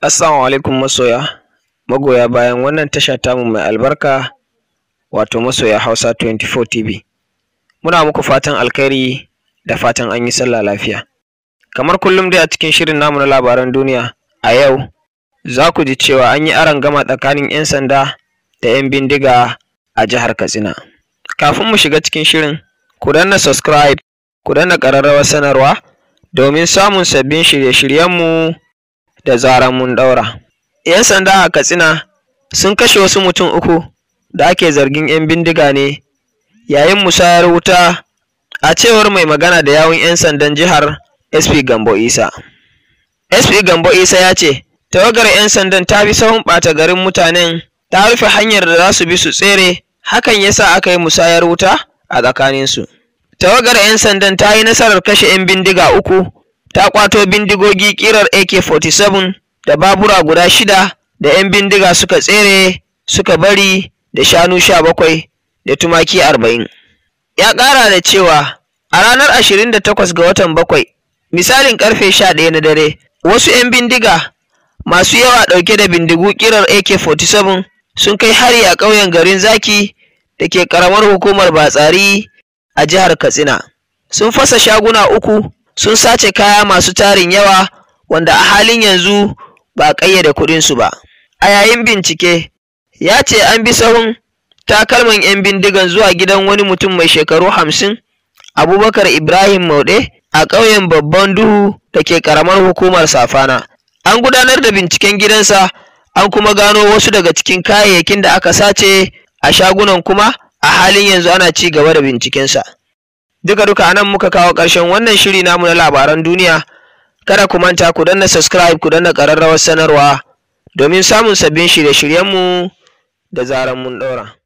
Assalamu alaikum masoya, magoya bayan wannan tasha tamu mai albarka wato masoya Hausa 24 TV. Muna muku fatan alkhairi da fatan an yi sallah lafiya. Kamar kullum dai a cikin shirin namu na labaran duniya a yau za ku ji cewa an yi aron gama tsakanin 'yan sanda da 'yan bindiga a jihar Katsina. Kafin mu shiga cikin shirin, ku danna subscribe, ku danna ƙararrawar sanarwa domin samun sabbin shirye-shiryenmu. da zarar mun ɗaura. 'Yan sanda a Katsina sun kashe wasu mutum uku da ake zargin 'yan bindiga ne yayin musayar wuta a cewar mai magana da yawun 'yan sandan jihar SP Gambo Isa. SP Gambo Isa ya ce, tawagar 'yan sandan ta fi sahun ɓata garin mutanen ta rufe hanyar da za su bi su tsere hakan ya sa aka yi musayar wuta a tsakaninsu. Tawagar 'yan sandan ta yi nasarar kashe 'yan bindiga uku ta kwato bindigogi ƙirar AK-47 da babura guda shida da 'yan bindiga suka tsere suka bari da shanu sha bakwai da tumaki arba'in. Ya ƙara da cewa a ranar 28 ga watan bakwai misalin ƙarfe 11 na dare wasu 'yan bindiga masu yawa ɗauke da bindigu ƙirar AK-47 sun kai hari a ƙauyen garin zaki da ke ƙaramar hukumar batsari a jihar Katsina. Sun fasa shaguna uku sun sace kaya masu tarin yawa wanda a halin yanzu ba a ƙayyade kuɗinsu ba. A yayin bincike, ya ce an bi sahun takalman 'yan bindigan zuwa gidan wani mutum mai shekaru hamsin, Abubakar Ibrahim Maude, a ƙauyen Babban Duhu da ke ƙaramar hukumar Safana. An gudanar da binciken gidansa, an kuma gano wasu daga cikin kayayyakin da aka sace a shagunan kuma a halin yanzu ana ci gaba da bincikensa. duka duka anan muka kawo ƙarshen wannan shiri namu na labaran duniya kada ku manta ku danna subscribe ku danna ƙararrawar sanarwa domin samun sabbin shirye-shiryenmu da zaran mun ɗora